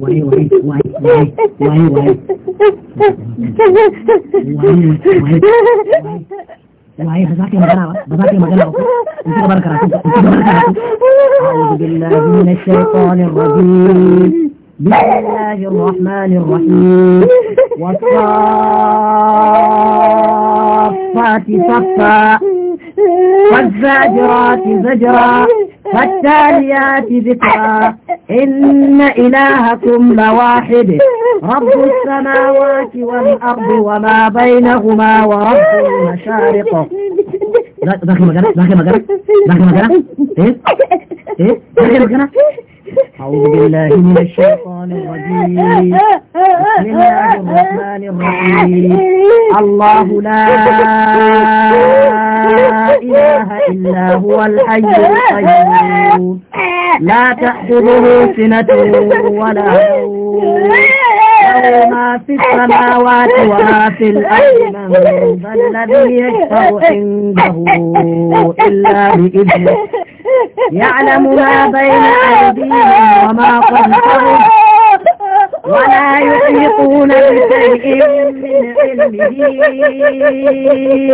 واي واي واي واي واي واي واي ba za ka yi magana ba ba za ka yi magana ba in ci gabar karatu in ci gabar karatu أعوذ بالله من الشيطان الرجيم بسم الله الرحمن الرحيم والصافات صفا والزاجرات زجرا فالتاليات ذكرا إن إلهكم لواحد رب السماوات والأرض وما بينهما ورب المشارق داخل مكانك داخل مكانك داخل مكانك ايه ايه داخل أعوذ بالله من الشيطان الرجيم بسم الله الرحمن الرحيم الله لا إله إلا هو الحي القيوم لا تأخذه سنة ولا هو ما في السماوات وما في الأرض من الذي يشفع عنده إلا بإذنه يعلم ما بين أيديهم وما خلفهم ولا يحيطون بشيء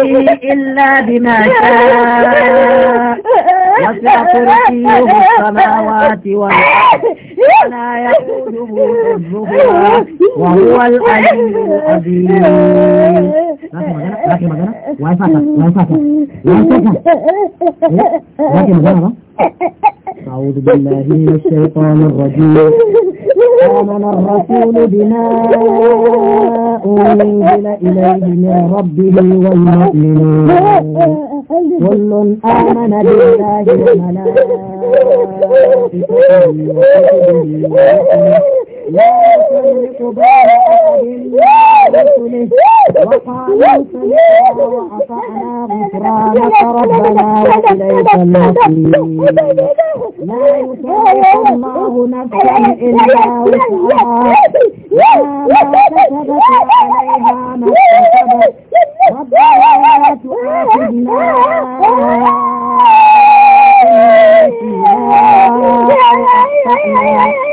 من علمه إلا بما شاء وسع كرسيه السماوات والأرض ولا يئوده حفظهما وهو العلي العظيم أعوذ بالله من الشيطان الرجيم آمن الرسول بما أنزل إليه من ربه والمؤمنون كل آمن بالله وملائكته وكتبه لا تملك بارك بالله رسله وقالوا سمعنا وأطعنا غفرانك ربنا وإليك المصير لا يكلف الله نفسا إلا وسعها ما كسبت عليها ما كسبت ربنا لا تؤاخذنا Yeah.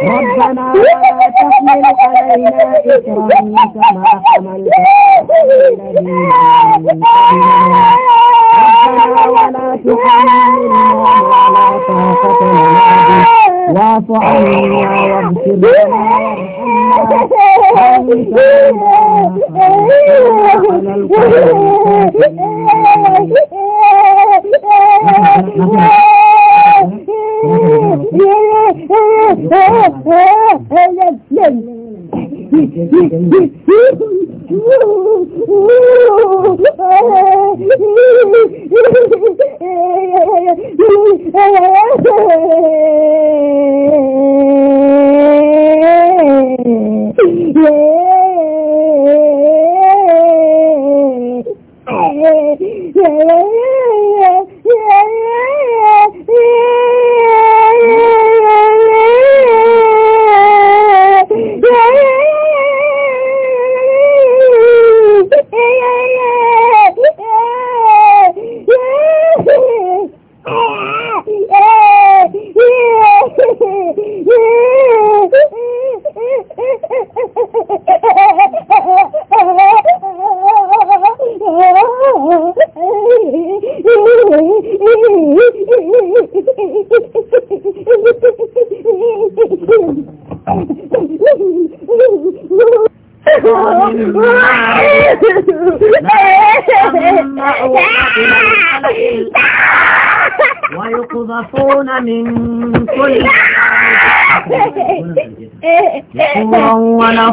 ربنا ولا تحمل علينا إسرا كما حملت الذين ربنا ولا تحملنا ولا طاقة لنا واعف عنا واغفر لنا Yeah. Ẹ̀yẹ̀ ṣe ń. إلى القليل ويقذفون من كل دحورا وله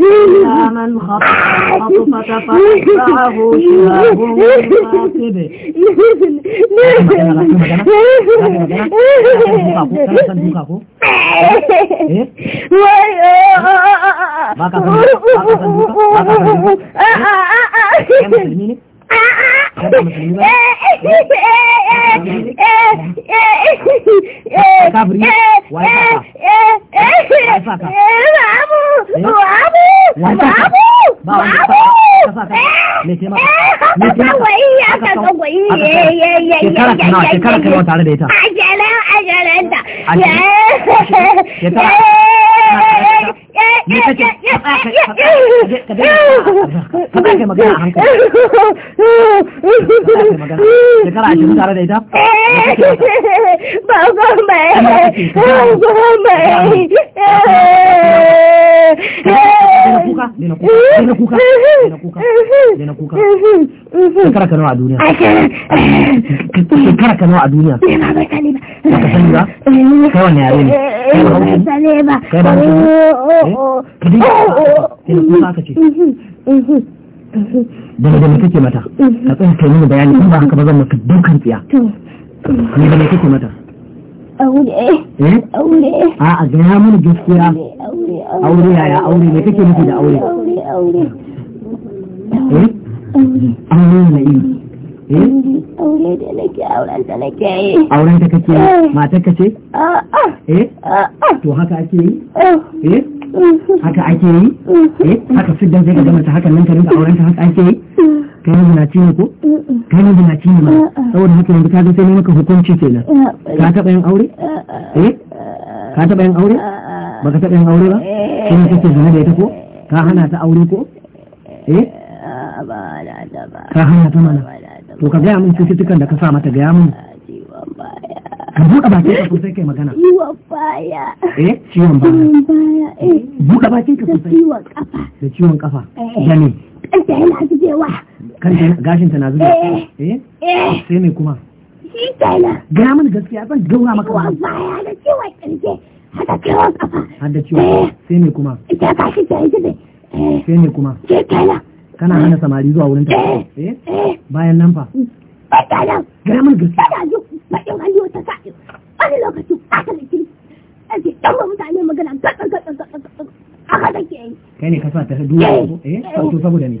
إلا من خطف الخطفة فأتبعه شهاب واكب Thank shekara ka nawa shekara ka nawa tare da ita A ajalan ajalanta shekara ne kake ka daina a ka ka duniya ka ka Oh, oh, mm-hmm, mm-hmm, mm-hmm. daga da kake mata ka tsaye kai mini bayani in ba haka ba zan maka dukan tsiya ni da kake mata aure eh aure a a mana gaskiya aure yaya aure ne kake nufi da aure aure aure eh aure eh aure da nake auren da nake yi auren ta kake eh. matar kace a eh to haka ake yi eh, eh? haka ake yi eh haka fiddan sai ka ga mace haka nan ka rinka auren ta haka ake yi kai ne na cinye ko kai ne na cinye ba saboda haka yanzu ka ga sai maka hukunci kenan ka taba yin aure eh ka taba yin aure baka taba yin aure ba kuma kake zama da ita ko ka hana ta aure ko eh ka hana ta mana to ka gaya min cututtukan da ka sa mata gaya min ka buɗe bakin ka sosai kai magana ciwon baya eh ciwon baya eh buɗe bakin ka sosai ciwon kafa da ciwon kafa eh. da ne kanta yana zubewa kanta gashin ta na zubewa eh. eh eh sai ne kuma shi kenan ga mun gaskiya zan gaura maka ciwon baya da ciwon kirje hada ciwon kafa da ciwon eh. sai ne kuma ita ba shi ta yi zube sai ne kuma shi kenan kana hana samari zuwa wurin ta eh bayan nan fa mm. mai tsada garamin gaske da yau sa wani lokaci ake dan ba mutane magana haka yi kai ne ka sa ta duwa eh, eh, eh. saboda ne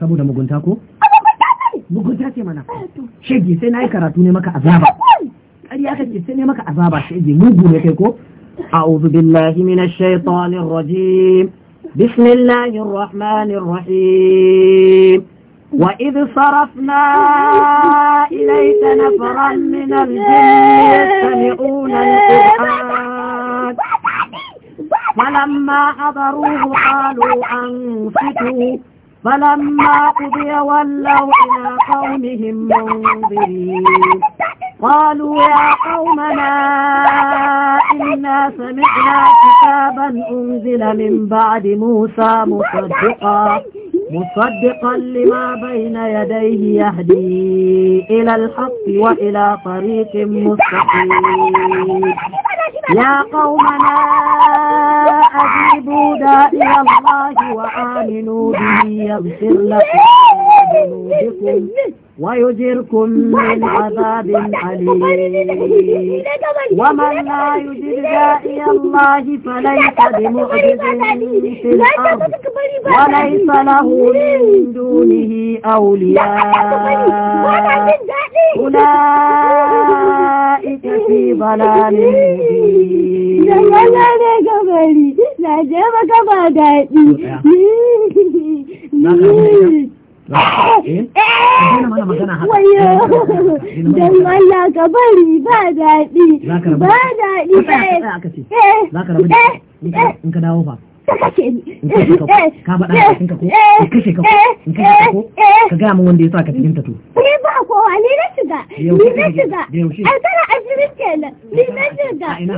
saboda mugunta ko mugunta ce mana eh, shege sai na yi karatu ne maka azaba ƙarya kake sai ne maka azaba shege mugu ne kai ko أعوذ بالله من الشيطان الرجيم بسم الله الرحمن الرحيم وإذ صرفنا إليك نفرا من الجن يستمعون القرآن فلما حضروه قالوا أنفتوا فلما قضي ولوا إلى قومهم منذرين قالوا يا قومنا إنا سمعنا كتابا أنزل من بعد موسى مصدقا مصدقا لما بين يديه يهدي إلى الحق وإلى طريق مستقيم يا قومنا أجيبوا داعي الله وآمنوا به يغفر لكم ذنوبكم ويجركم من عذاب أليم ومن لا يجر داعي الله فليس بمعجز في الأرض وليس له من دونه أولياء أولئك في ضلال مبين na je maka ba daɗi eh? eh! wayo eh, don Allah ka bari ba daɗi ba daɗi ba daɗi ka faɗa a cikin kako in kashe kako in kashe kako ka gaya min wanda ya sa ka cikin tato ni ba kowa ni na shiga ni na shiga ai a ajirin kenan ni na shiga ni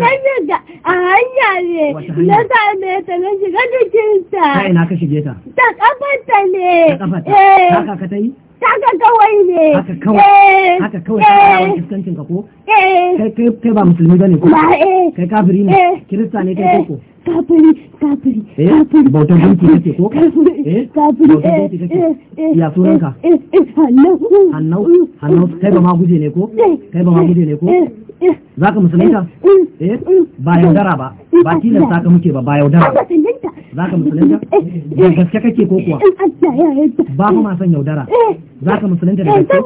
na shiga a hanya ne na same ta na shiga jikinta ta ina ka shige ta ta kafarta ne ta kafarta haka ka ta yi haka kawai ne haka kawai haka kawai ta yawan iskancin kako kai ba musulmi ne ko kai kafiri ne eh. kirista ne kai koko eh. kafiri kafiri kafiri eh? bautar gunki kake ko kafiri eh? Eh, eh ya sunanka eh eh hannu hannu kai ba ma guje ne ko kai ba ma guje ne ko za ka musulunta eh, ba yaudara ba ba tilan sa ka muke ba ba yaudara ba za ka musulunta da gaske kake ko kuwa ba ku ma san yaudara eh. za ka musulunta da eh, gaske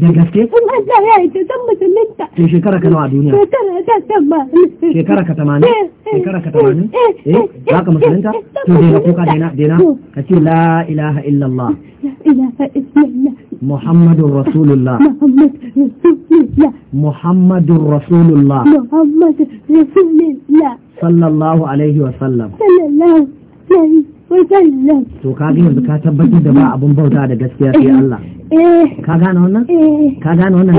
da gaske in Allah ya yarda zan musulunta to shekara ka nawa a duniya shekara ta tamba shekara ka 80 shekara ka 80 eh za ka musulunta to dai ka kuka dai na dai na ka ce la ilaha illallah la ilaha illallah محمد رسول الله محمد رسول الله محمد رسول الله صلى الله عليه وسلم صلى الله عليه وسلم to ka ga yanzu ka tabbatar da ba abun ka gane wannan ka gane wannan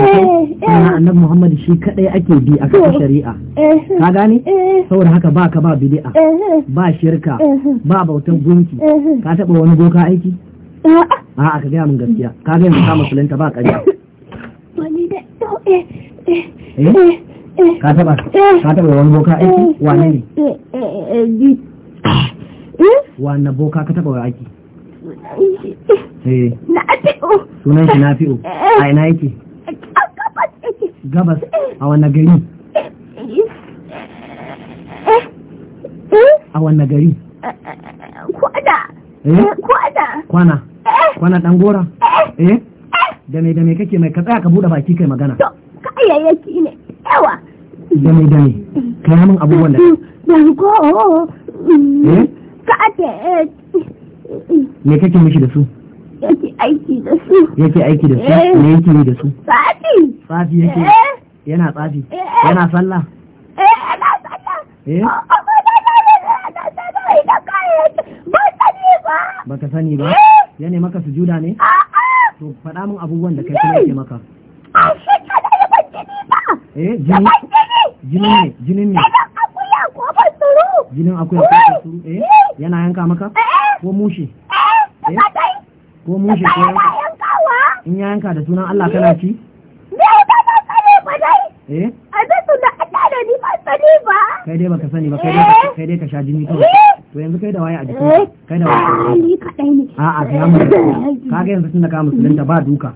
annabi Muhammad shi kadai ake bi a kan shari'a ka gane saboda haka ba ka ba bid'a ba shirka ba bautan gunki ka taba wani goka aiki a ka gaya min gaskiya ka gaya min ka musulunta ba ƙarya wani da eh eh, eh? eh eh ka taba ka taba wani boka aiki wane ne hmm? wane boka ka taba aiki na sunan shi na fi'o a ina yake gabas a wane gari a wane gari kwana kwana wannan dan gora eh da me da me kake mai ka tsaya ka bude baki kai magana ka ki ne yawa da me da me ka yi min abubuwan da dan ko oh, oh, oh. eh ka ate eh, me kake mishi da su yake aiki da su yake aiki da su eh. me yake yi da su safi safi yake eh. yana tsafi yana sallah eh yana sallah eh baka sani ba eh. ya ne maka sujuda ne to faɗa min abubuwan da kai kuma yake maka a shekara da ban ba eh jini jini ne jinin ne akuya akwai ban suru jinin akuya ko ban eh yana yanka maka ko mushi eh ko mushi eh. eh. ko yanka in ya yanka da sunan Allah kana ci ne ba sani ba dai eh a da sunan da ni ba sani ba kai dai baka sani ba kai dai ka sha jini kawai eh. to yanzu kai da waye a jikin eh. kai da waye ni kadai ne a'a ga mu kaga yanzu tunda ka musulunta ba duka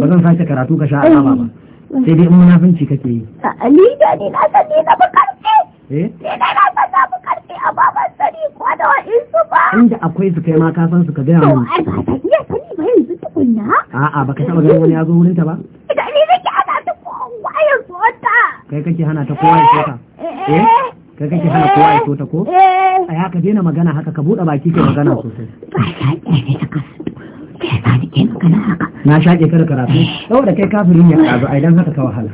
ba zan sace karatu ka sha azaba ba sai dai in munafinci kake yi ni da ni na sani na bukarfi eh ni na san na bukarfi a baban sani ko da wa'in su ba inda akwai su kai ma ka san su ka gaya mun to ai ba ta iya sani ba yanzu tukunna a'a ba ka taɓa ganin wani ya zo wurinta ba idan ni nake hana ta kowa ta kai kake hana ta kowa ya ta eh, eh? eh kai kake hana kowa ya eh, ta ko a ya ka daina magana haka ka buɗe baki ka magana sosai na shaƙe kar karatu saboda kai kafirin ya ƙazu a idan haka ka wahala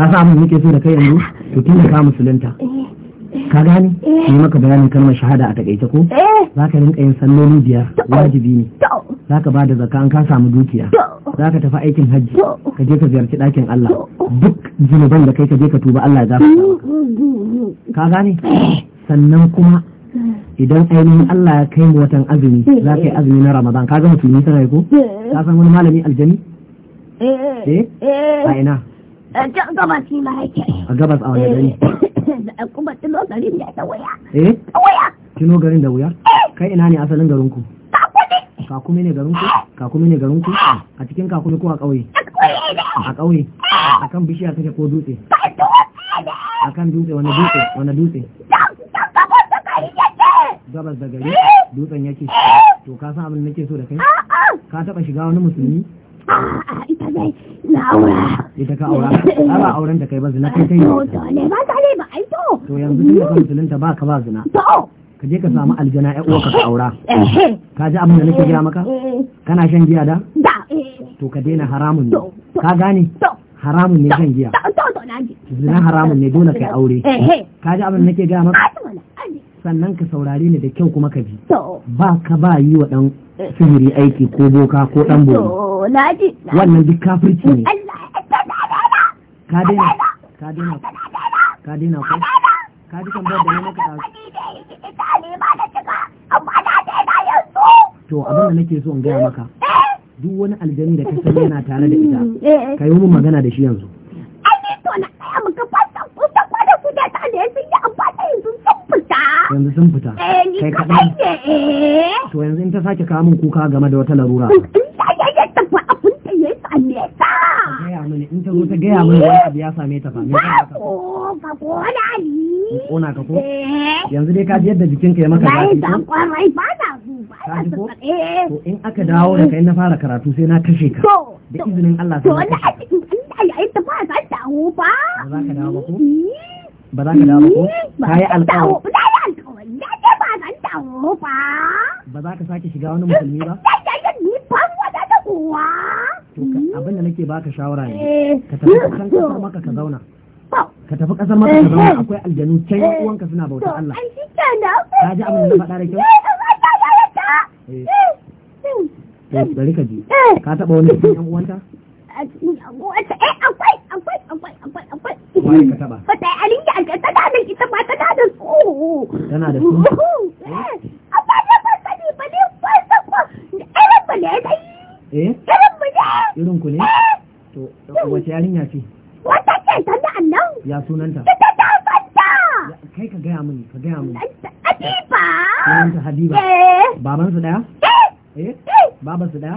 ka samu muke so da kai yanzu to tun da ka musulunta ka gane ne maka bayanin kalmar shahada a takaice ko za ka rinka yin sannoni biyar wajibi ne za ka ba da zaka an ka samu dukiya za ka tafi aikin hajji ka je ka ziyarci ɗakin Allah duk zunuban da kai ka je ka tuba Allah ya ka gane sannan kuma idan ainihin Allah ya kai watan azumi za ka yi azumi na Ramadan ka ga tuni sana ko ka san wani malami aljani eh, eh, eh. a ina a gabas ne ma a gabas a wani gari eh, kuma tuno garin da waya eh waya tuno garin da wuya kai ina ne asalin garinku kakumi ne garin ku kakumi ne garin ku a cikin kakumi ko a ƙauye a ƙauye a kan bishiya kake ko dutse a kan dutse wani dutse wani dutse gabas da gari dutsen yake to ka san abin da nake so da kai ka taba shiga wani musulmi ita dai na aura ita ka aura a ba auren da kai ba zina kai kai ne ba ta ne ba ai to to yanzu tun da musulunta ba ka ba zina to ka je ka samu aljana ƴan uwa ka aura ka ji abin da nake gaya maka eh. kana shan giya da eh. to ka daina haramun ne ka gane haramun ne shan giya zina haramun ne dole kai aure eh, ka ji abin da nake gaya maka sannan ka saurare ni da kyau kuma ka bi. ba ka ba yi wa dan sihiri aiki ko boka ko dan bolo wannan duk kafirci ne ka daina ka daina ka daina ko ka ji tambayar da ka maka to abin da nake so in gaya maka duk wani aljani da ka san yana tare da ita mm, eh, eh. ka yi mun magana da shi yanzu yanzu sun fita kai kaɗan eh, to yanzu in ta sake kawo min kuka game da wata larura Allah ta gaya mini in ta zo ta gaya mini wani abu ya same ta ba ka ko ka ko da ali kona ka ko eh. yanzu dai ka ji yadda jikin ka ya maka zafi ba kwarai ba da su ba ka ji ko eh. to in aka dawo da kai na fara karatu sai na kashe ka da izinin Allah sai to na ai ta ba za ta dawo ba ba za ka dawo ba ko hmm. ba za ka dawo ba ko hmm. ka yi alƙawari ba za ka dawo ba ba za ka sake shiga wani musulmi ba ni ban wata da kowa to abin da nake baka shawara ne ka tafi kan eh. kasar maka ka zauna ka tafi kasar maka ka zauna akwai aljanu can yan uwanka suna bauta eh. Allah ka ji abin da na faɗa da kyau eh, hmm. to bari ka ji ka taɓa wani cikin yan uwanta akwai akwai akwai akwai akwai wai ka taɓa ta alin da aka tada da ita ba ta da su tana da su amma da ba sani ba ne ko sa ko ai ba ne dai eh irin ku ne to wace yarinya ce wata ce ta da annan ya sunanta ta ta fata kai ka gaya mini ka gaya mini Habiba sunanta Habiba baban su daya eh baban su daya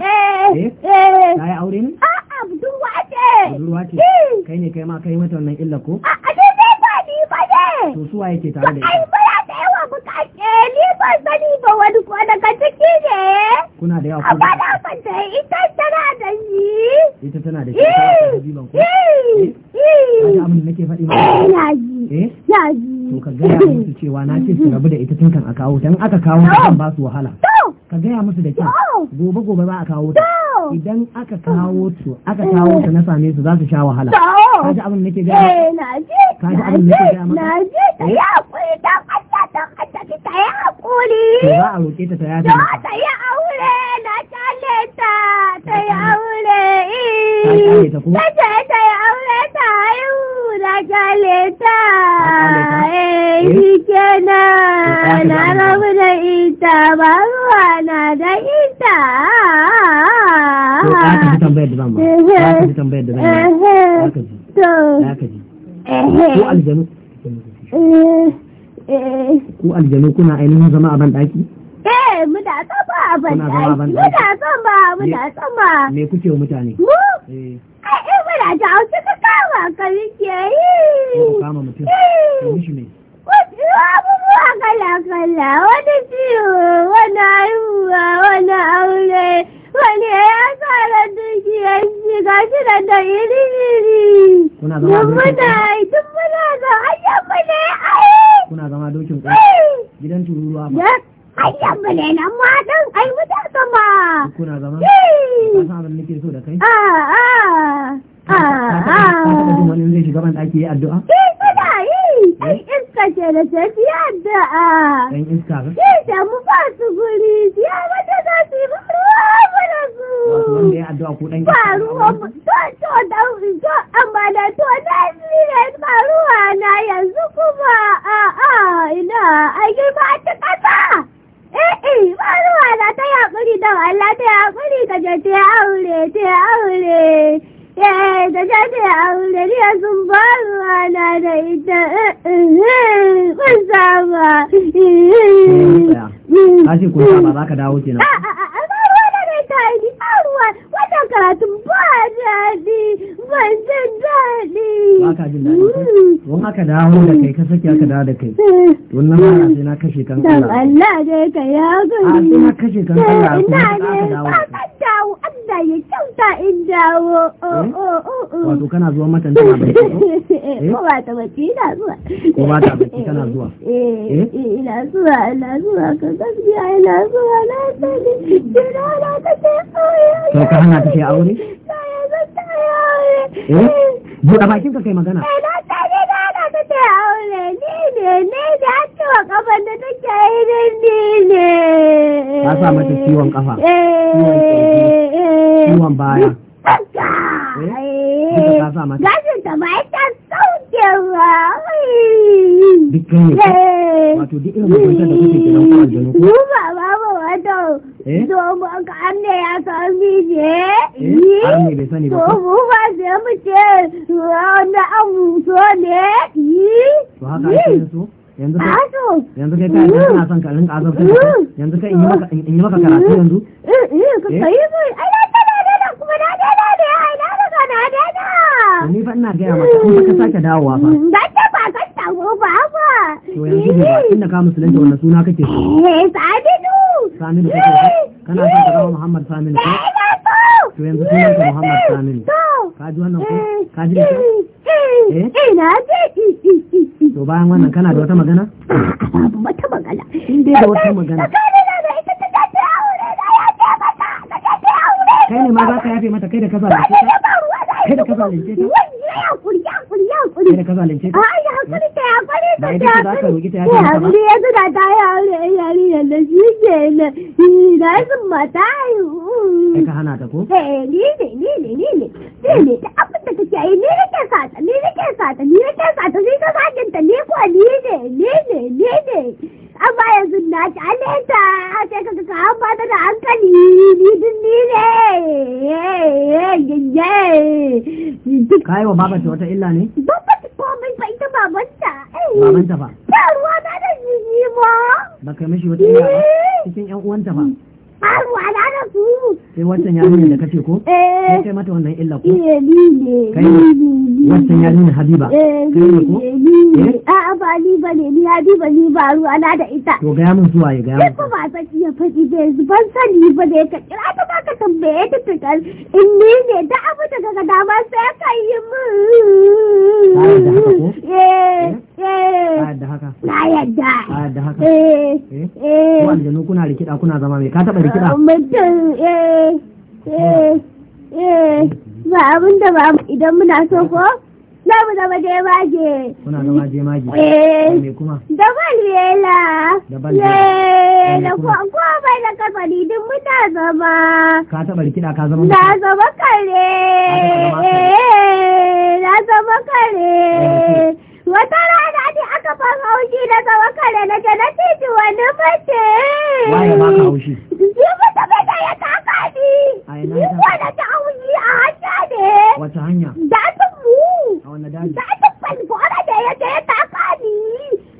eh ta yi aure ne a'a budurwa ce budurwa ce eh. kai ne kai ma kai mata wannan illa ko a'a Eh, to su waye ke tare da ita da yawa bukace ni ba sani ba wani ko daga ciki ne kuna da yawa ko ba da da ita tana da shi ita eh, tana da shi ta eh, abin da nake faɗi ba ji ji to ka ga musu cewa na ce su rabu da ita tun kan a kawo dan aka kawo kan ba su wahala to ka gaya musu da kyau gobe gobe ba a kawo ta idan aka kawo su aka kawo ta na same su za su sha wahala ji abin nake gaya abin nake ta ya eh? ta ya roke ta ta ya ta aure na ta ta aure ta haihu na kyale ta eh, eh? shi kenan na rabu da ita ba ruwa na da ita ko eh, aljanu kuna ainihin zama a ban daki? Eh, muna son ba a ban Muna son ba, muna son ba. Me kuke wa mutane? Mu? in muna da hausa ka kama ka rike yi kama mutum abubuwa kala-kala wani ciwo wani haihuwa wani aure wani ya tsara dukiyar shi ga da iri-iri tun tun muna da hanyar muna ai kuna zama dokin gidan tururuwa ba ai yamma ne nan matan ai mutar sama kuna zama ka san nake so da kai a a a a wani yi addu'a Ki kada yi ai iska ce da ce fi addu'a dan iska ba eh da mu ba su guri ya wata za su yi ruwa mana su wanda ya addu'a ko dan iska ba ruwa to to da to amma da to da ni ne ba ruwa na yanzu kuma a a ina ai ba ta kasa Eh, ba ruwa na ta yaƙuri don Allah ta yaƙuri ka je ta aure ta aure. Eh, ta je ta aure ni sun ba ruwa na da ita. Kun saba. Tashi kun saba za ka dawo kenan. Ah, ah, ah, daɗi arwa wata karatu ba daɗi ba jin daɗi ba ka jin daɗi Wani hmm. haka dawo da kai ka saki aka dawo da kai wannan ma na kashe kan Allah Allah eh, dai ka ya gani a sai na kashe kan kuma aka dawo ka dawo Allah ya kyauta in dawo oh, eh? oh, oh, wato kana zuwa mata tana bacci eh, ko ba ta bacci ina zuwa ko ba ta bacci kana zuwa eh ina zuwa ina zuwa ka gaskiya ina zuwa na sani na kashe sai ka hana ta ce aure eh buɗe bakin ka kai magana Ka sa mata ciwon kafa, eh, ciwon baya. Trời Gái sư tầm ấy ta xấu chiều rồi Đúng mà bà bà tôi Tôi mà cảm thấy là con đi dễ Tôi vũ pha giữa mà chê Rồi ông xuống đấy yanzu kai yanzu kai kai kana son ka rinka azabtar yanzu kai in yi maka karatu yanzu eh eh ka kai ai kuma na daina ne a ina maka na daina. Ni ba ina gaya maka kuma ka sake dawowa fa. Ba ta mm, ba ka samu ba ba. To yanzu ne ba eh. tun da ka musulunta wannan suna kake so. Eh Saminu. Saminu kake eh. Kana son ka zama Muhammad Saminu ko? Eh, to yanzu sunan ka Muhammad Saminu. Ka ji wannan ko? Ka ji da Eh? Eh na To bayan wannan kana da wata magana? Babu wata magana. Kin da wata magana. kai ne ma za ka yafe mata kai da ka zalunce ta kai da ka zalunce ta kai da ai da kai amma yanzu na kyale ta sai ka ka an ba ta da hankali ni dun ni ne ka yi wa babanta wata illa ne babanta komai ba ita babanta babanta ba ta ruwa na da jiji ba ba kai mishi wata illa ba eh. cikin yan uwanta ba ba ruwa na da su sai wancan yarinyar da kace ko eh kai mata wannan illa ko kai ne kai wancan yarinyar habiba eh, kai ne ko eh a ba ni ba ne ni habiba ni ba ruwa na da ita to ga mun zuwa ya ga mun ko ba san iya faɗi da ban sani ba da ka kira ta ka tambaye ta ta kan in ni ne da abu daga ga dama sai ka yi mun eh eh, eh. da haka na yadda da haka eh eh wanda eh. kuna rikida kuna zama mai ka taba rikida mutum eh eh eh ba abin da ba idan muna so ko za mu zama je maje kuna zama je mage eh kuma da balela da balela eh, ko ko bai da kafari din muna zama ka taba rikida ka zama na zama kare eh na zama kare eh, wata rana ne aka fara haushi daga gaba na ga na titi wani mace waye ba ka haushi yi mata mata ya ni yi kwana ta haushi a hanya ne wata hanya mu a wani daji da ya ga ya kaka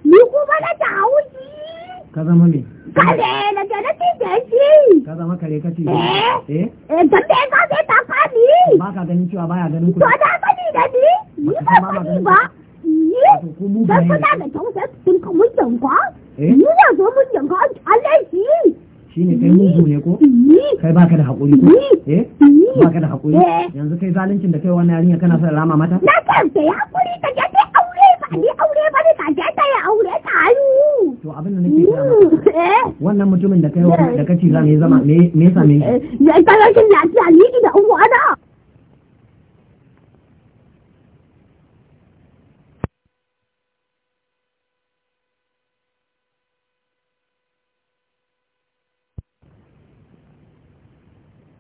ni kuma na ta haushi ka zama me kare na ga na titi shi ka zama kare ka titi eh eh ta eh, ta ka ni ba ka ganin cewa baya ganin to da ni da ni ni ba ba Sao có ta da cháu sẽ tun kan mijin kwa? Ni zo mijin kwa an laifi. Shi ne kai mugu ne ko? Kai baka da haƙuri ko? Yanzu kai zaluncin da kai wannan yarinya kana son rama mata? Na kan sai haƙuri ta je ta aure ba ni aure ba ne ta je ta aure ta hannu. To abin da nake gaya wannan mutumin da kai da kace zama me yasa Ya ta rashin lafiya ni da uwa da.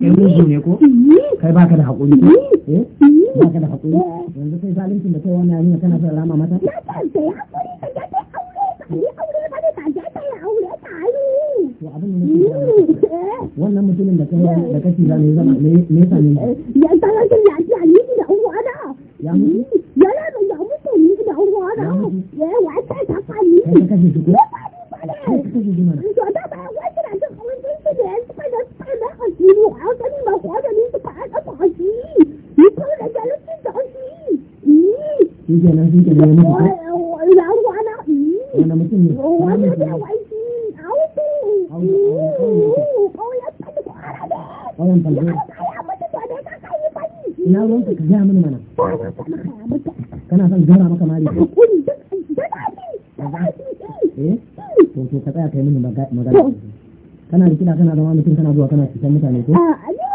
kai mugu ne ko mm-hmm. kai baka da haƙuri ko mm-hmm. eh mm-hmm. baka da yanzu kai zalincin da kai wannan kana son rama mata na ta sai haƙuri ka ga ta aure ka yi aure ba da ta ga kai da kake eh, da ba eh, ba 係事，我真係我就呢個大嘅大事，你推嚟就呢啲大事，咦？呢隻啦，呢隻啦，我我有玩啦，咦？我諗乜嘢？我玩咗啲位置，好啲，咦？我有睇到我啦嘅，我諗緊啲。Ina ruwan ka gaya mini mana. Kana son gara maka mali. Eh? To to ka tsaya kai mini magana. kana da kana zama mutum kana zuwa kana cikin mutane ko a ah,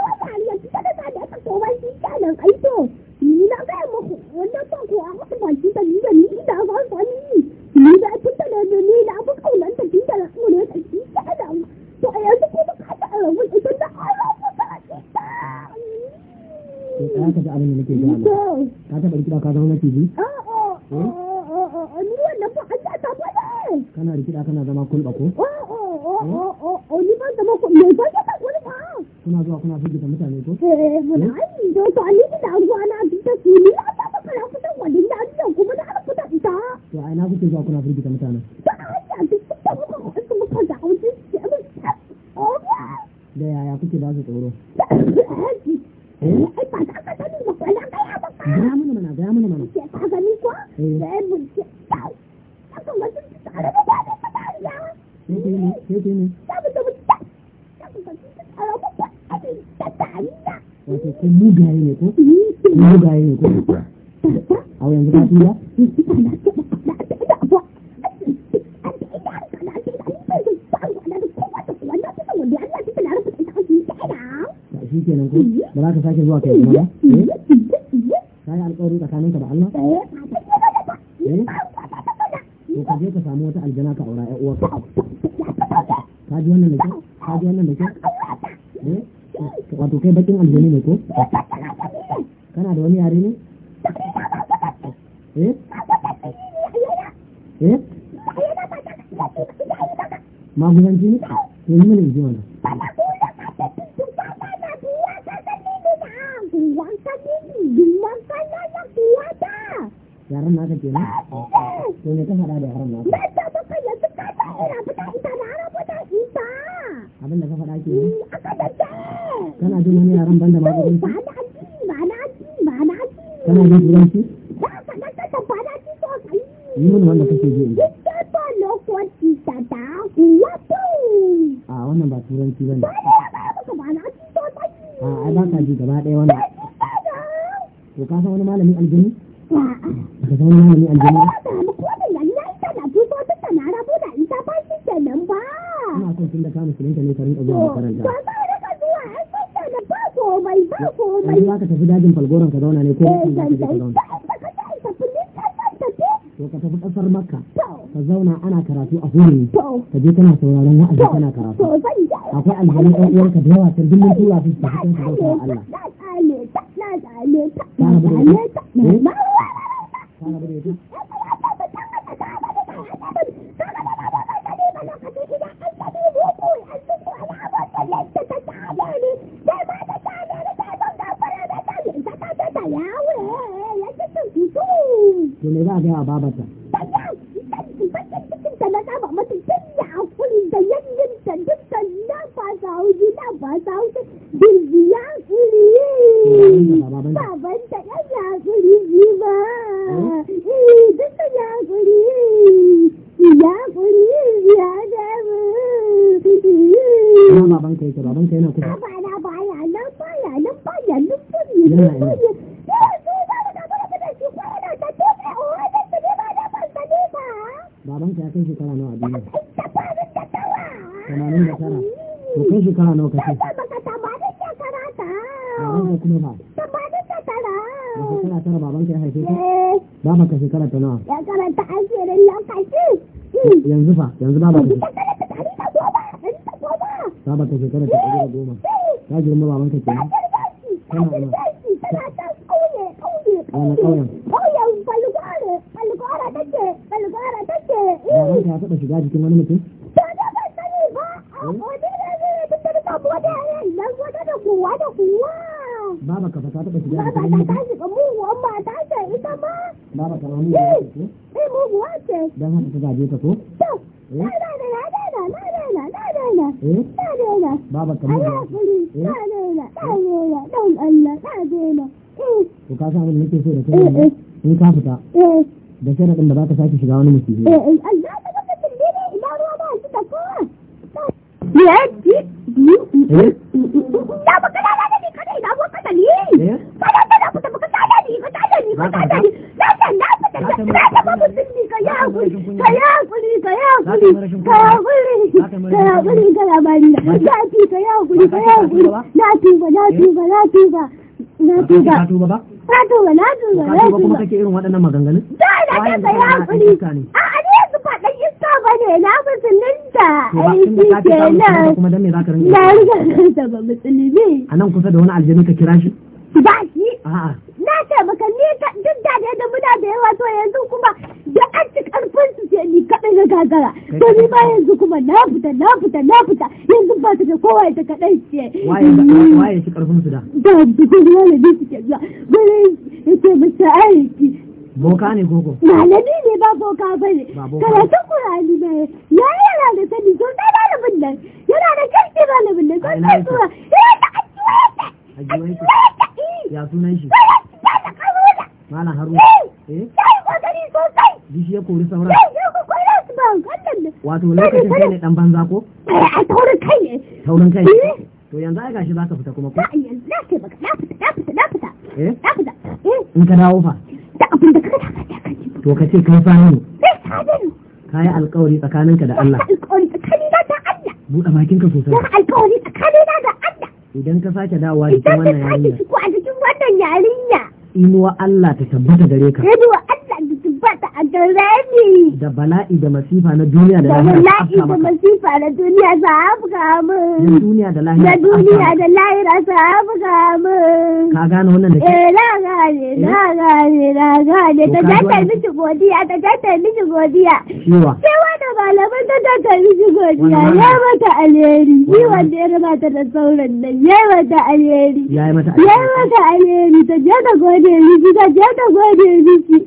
shi kenan ko ba za ka sake zuwa kai kuma ba eh? ka yi alƙawari tsakaninka da Allah eh. gani ina son tun da ka musulunta ne ka rinka zuwa makaranta ba za ka zuwa an sassa da ba komai ba komai yanzu za ka tafi dajin falgoron ka zauna ne ko mutum za ka je ka zauna to ka tafi ƙasar makka ka zauna ana karatu a hurumi ka je kana sauraron wa'azi kana karatu akwai alhalin ɗan uwanka da yawa sun dimbin tura su su tafi kan su bauta Allah baban ka kai shekara nawa a duniya tamanin da tara to kai shekara nawa kace baban ka kuma ba da shekara tara baban ka ya haife ka eh. ba ka shekara ta nawa ya karanta asirin lokaci yanzu fa yanzu ba maka ba maka shekara ta ɗari goma ta girma baban ka kenan tana ba tana ta ƙauye ƙauye ƙauye shiga jikin wani mutum Baba ka fata taɓa shiga jikin wani mutum? Baba ta shiga muguwan mata ta ita ma. Baba ka wani muguwa ce. Don haka ta gaje ka ko? na Baba ka muguwa. Na Allah ka samu da nake so da kai. yi In ka fita. Da yi da za ka sake shiga wani musulmi. eh Allah yadi biyu da ba kana da ni kada ina go kada ni kada da ku tabbata kada ni kada ni kada ni da da na fita da da ba mutum ne ka ya guri ka ya guri ka ya guri ka ya guri ka yi guri ka ya bari da ki ka ya guri ka yi guri na tuba na tuba na tuba na tuba na tuba ba na tuba na tuba na tuba kuma kake irin waɗannan maganganun da da ka ya guri a a ne su faɗa ba ne na musulunta aiki kenan kuma dan me za ba musulmi a nan kusa da wani aljanu ka kira shi ba shi na ce maka ni duk da da muna da yawa to yanzu kuma da an ci karfin su ce ni kaɗai na gagara to ni ba yanzu kuma na fita na fita na fita yanzu ba su da kowa ya ta kaɗai ce waye ya ci karfin su da da duk wani ne suke zuwa gure ya ce mace aiki boka ne gogo malami ne ba boka ba ne karatun kurani ne ya yi yana da sani sosai malamin nan yana da kirki malamin nan sosai kuma yana da ajiyoyinta ya sunan shi malam haru eh sai eh? kokari sosai dishi ya kori ne. wato lokacin kai ne dan banza ko eh, a taurin kai ne taurin kai eh. to yanzu ai gashi za ka fita kuma ko yanzu na ce baka na fita na fita na fita na fita in ka dawo fa to ka ce kai sani ka yi alkawari tsakaninka da Allah buɗe bakinka sosai alkawari tsakanina da Allah idan ka sake dawowa da wannan yarinya idan ka sake shigo a cikin wannan yarinya inuwa Allah ta tabbata gare ka inuwa Allah Abdullahi. Da bala'i da masifa na duniya da lahira. Da bala'i da masifa na duniya sa afka min. Da duniya da lahira. Da duniya da lahira sa afka min. Ka gane wannan da ke? Eh na gane, eh? na gane, na gane. Ta jata miki godiya, ta jata miki godiya. Cewa. Cewa da malaman ta jata miki godiya. Ya mata alheri. Ni wanda ya raba ta da sauran nan. Ya mata alheri. Ya mata alheri. mata alheri. Ta je godiya miki, ta je godiya miki.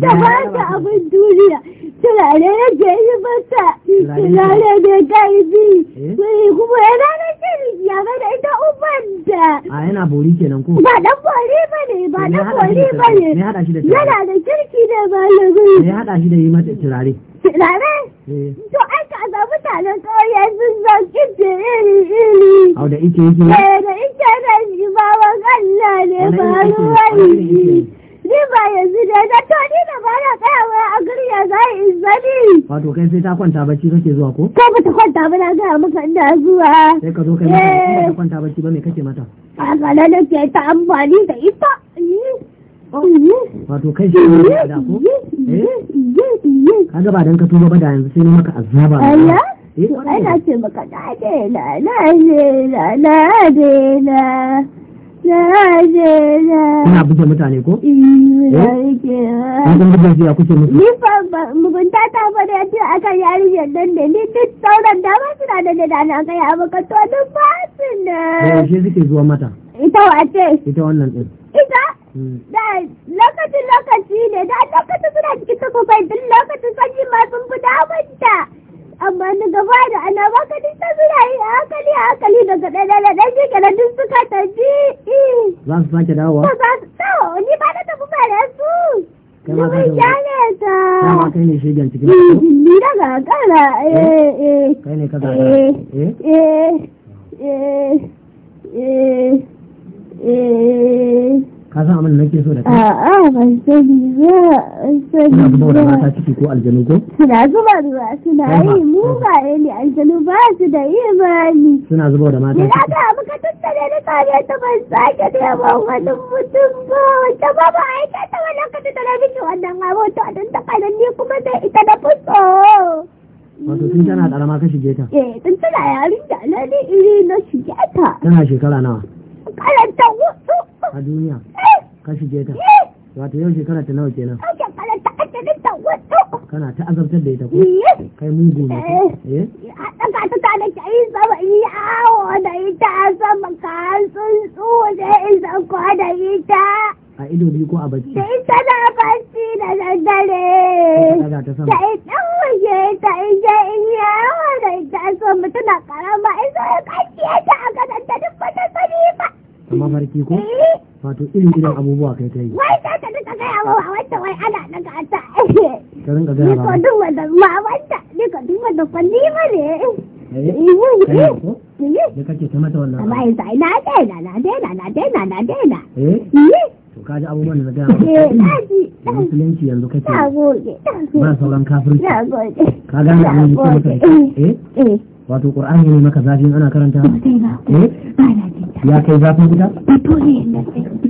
ta ba ta abin duniya tunare turare yake yi ta tunare da gaibi sai eh? kuma yana na shiri ya da ita da a yana bori kenan ko ba dan bori ba ne ba dan bori ba ne yana da kirki da malami me hada shi da yi mata tunare turare eh. to ai ka ga mutanen ƙauye sun zan kike iri iri au da ike yake eh da ike da shi ba wa Allah ne ba ruwa shi ba yanzu da da tani ni da ba na wa a gariya ya a in zani. Wato kai sai ta kwanta bacci kake zuwa ko? Ko ba ta kwanta ba na gaya maka ina zuwa. Sai ka zo kai mata ba ta eh. kwanta bacci ba me kake mata? A gana ke ta amfani da ita. Oh. Wato kai shi ne da ko? Eh? Kaga ba dan ka tuba ba da yanzu sai na maka azaba. Ayya? Eh, Ai ce maka na na na na na na Ina buge mutane ko? Eh, eh? Kun buge shi a kuke musu? Ni fa mugunta ta bada ya ce akan yarinyar nan da ni duk sauran dama suna da da na kai abokan to duk ba su ne. Eh shi suke zuwa mata. Ita wace? Ita wannan din. Ita? Hmm. Da lokacin lokaci ne da lokacin suna cikin takofai duk lokacin sanyi ma sun fi damunta. Amma na gaba da ana baka duk ta zira yi a hankali a hankali daga ɗaya da ɗan da duk suka tafi. Za su sake dawowa? Ba za su to, ni ba na tafi ba da su. Kai ma ka ta. Kai ma kai ne shigen cikin su. Eh, ni daga kara. Eh, eh? Kai ne ka eh Eh. Eh. Eh. Eh. ka san abin da nake so da kai a'a ban sani ba ban sani ba da mata ciki ko aljanu ko suna zuba ruwa suna yi mu ba ne aljanu ba su da imani suna zuba da mata ciki ina abu ka tattare da kare ta ban sake da yawan wani mutum ba wata ba ba aika ta wani ka tattare miki wannan abu a don ta kanan kuma zai ita da fuso wato tun tana karama ka shige ta eh tun tana yarin da alali iri na shige ta tana shekara nawa karanta wasu a duniya ka shige ta eh. wato yau shekara ta nawa kenan karanta asirin ta wasu kana ta azabtar da ita ko eh. kai mugu ne eh. eh a ɗaga ta tare ta yi zama yi da ita sama ka sun tsuwa da isa ko da ita a ido biyu ko a bacci. Da ita na bacci da daddare. Ta yi ɗan waje ta yi je in yi da ita so mutum na karama in so ya kaciye ta a gadon ta duk wata sani ba. amma farki ko wato irin gidan abubuwa kai ta yi wai za ta duka gaya wa wanda wai ana daga ta ka rinka gaya ba ni duk wanda ma wanda ni duk wanda eh? ni ne da kake ta mata wannan amma na daina na daina na daina na daina eh? to ka ji abubuwan da na gaya ba eh, da musulunci yanzu kake ba sauran kafirci ka ta eh wato qur'ani ne maka zafin ana karanta eh ya kai zafin gida dole ne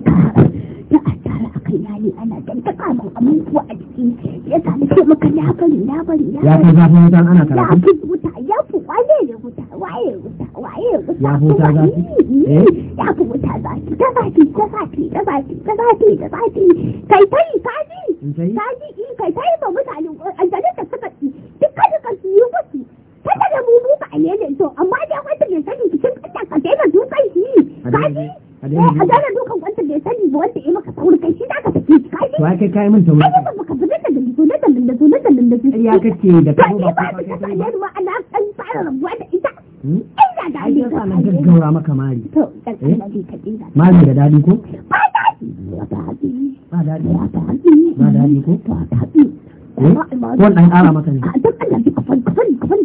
ta asara a kai yali ana dan ta kama amintuwa a ciki ya sami ce maka na bari na bari ya kai zafin wuta ana ya fi wuta ya fi waye ya wuta waye wuta waye ya fi wuta zafi eh? Eh? ya fi wuta zafi ta zafi ta zafi ta zafi ta zafi ta zafi kai ta yi ka ji ka ji eh, kai ta yi ba mutane aljanin da suka ci dukkan duka su alele to amma dai wanda bai sani cikin kanta ka daina dukan shi a daina dukan wanda bai sani ba wanda ya maka kai shi za ka wa kai kai ta ai ba ka ne da dalili ne da dalili ya kace da ka ba ka ma ana kan fara rabuwa da ita da da ka maka mari to mari da dadi ko ba dadi ba dadi ba dadi ba dadi ko ba dadi ko dan ƙara maka ne duk Allah fani ka fani ka fani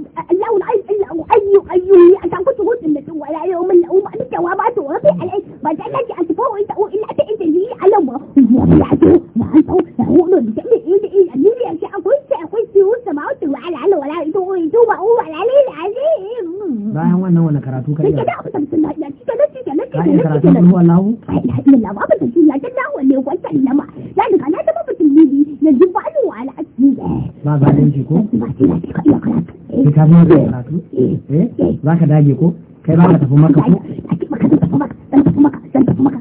za ka dage ko kai ba ka tafi maka ko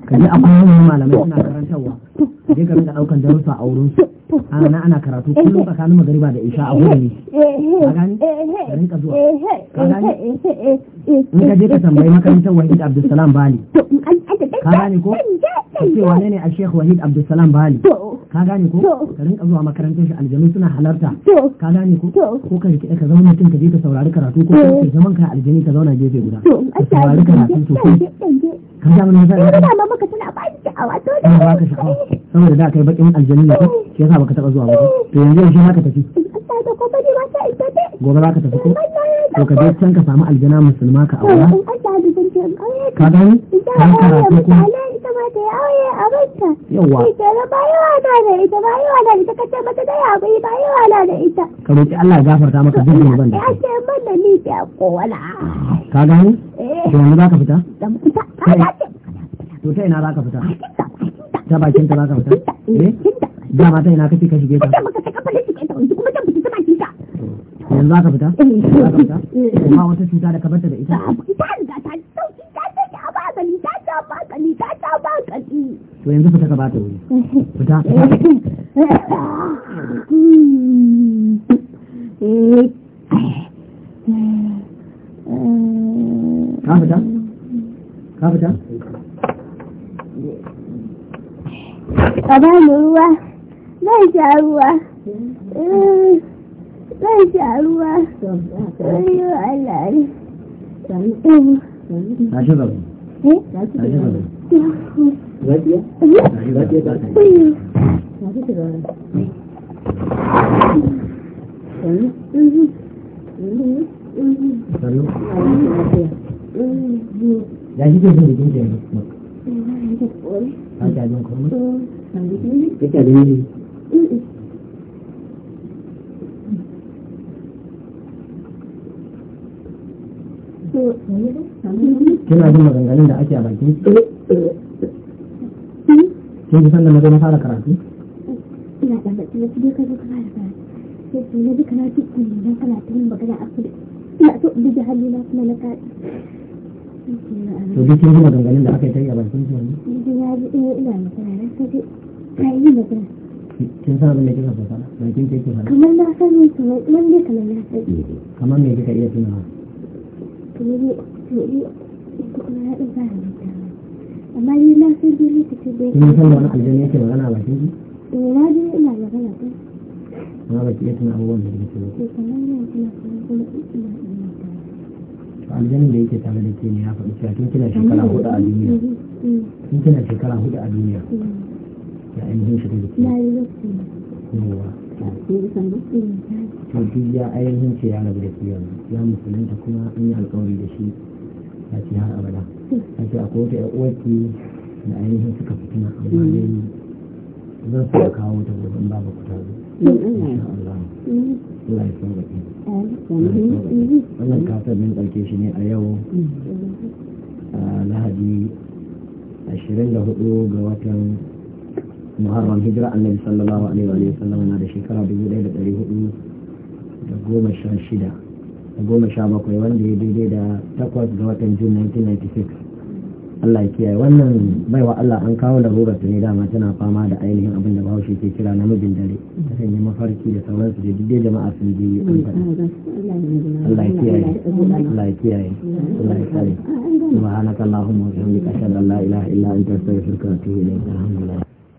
ka ji akwai yawan malamai suna karantarwa je ka rinka daukan darussa a wurin su ana ana karatu kullum tsakanin magariba da isha a wurin ka gani ka rinka zuwa ka gani in ka je ka tambayi makarantar wahid abdulsalam bali ka gane ko ka ce wane ne a sheikh wahid abdulsalam bali ka gane ko ka rinka zuwa makarantar shi aljanu suna halarta ka gane ko ko ka rike ka zama mutum ka je ka saurari karatu ko ka zaman ka aljani ka zauna gefe guda ka saurari karatu sosai ka ga mun zai ka ba maka tana ba shi sha'awa to da ba ka sha'awa saboda da kai bakin aljani ne ko shi yasa baka taba zuwa ba to yanzu shi haka tafi gobe ba ka tafi ko to ka je can ka samu aljana musulma ka aura ka gani kan karatu ko yawa ita na bayawa na da ita bayawa na da ita kace mata da ya bai na da ita ka Allah ya gafarta maka duk zunuban da ya ce man ni ta kowala ka gani eh. to fita dan fita to ta ina zaka eh, eh? fita ta bakin ta fita ta ina kace ka ta fita zaka fita ba wata cuta da ka barta da ta riga ta ta bakali ta ta bakali to yanzu fita ka bata wuri fita ka fita ka fita ka ba ruwa zai sha ruwa zai sha ruwa ayo Allah ne Ya shi ke zai da maka. Ka ci abin kuma? Ka ci abin ne? kina jin maganganun da ake a bakin kin ji san da na fara karatu ina da baki wasu dai ka zo ka fara karatu sai na dan kana ina so in ji na kuma na to kin maganganun da aka yi a bakin ki wani eh, ina ji ina ina sai yi kin san abin da kika faɗa bakin kamar na sani kamar kamar ne kamar na sani kamar me kika iya tunawa ni amma ni na da kuma san wani aljani yake magana ki? eh na ji ina magana ɗin amma ba ki iya tuna abubuwan da yake kamar yana kuma ina ina to da yake tare da ke ne ya faɗi cewa tun kina shekara hudu a duniya tun kina shekara hudu a duniya ya ainihin shi da ke yawa to duk ainihin ce ya rabu da shi ya musulunta kuma an yi alkawari da shi ya ce har abada ya ce akwai wata uwarki da ainihin suka fitina amma ne mm. zan so kawo ta gobe ba ku ta zo mm, mm. Allah ya wannan kasar min ɗauke shi ne a yau a lahadi ashirin da hudu ga watan muharram hijira annabi sallallahu alaihi wa sallam na da shekara 1416 da ɗari goma sha bakwai wanda ya daidai da takwas ga watan jun 1996 Allah ya kiyaye wannan baiwa Allah an kawo larurar ta ne dama tana fama da ainihin abin da bahaushe ke kira namijin dare ta kan yi mafarki da sauransu da duk jama'a sun ji an mm, mm, mm. Allah ya kiyaye Allah ya kiyaye Allah ya kare subhanakallahumma wa bihamdika ashhadu an la ilaha illa anta astaghfiruka wa atubu ilayk alhamdulillah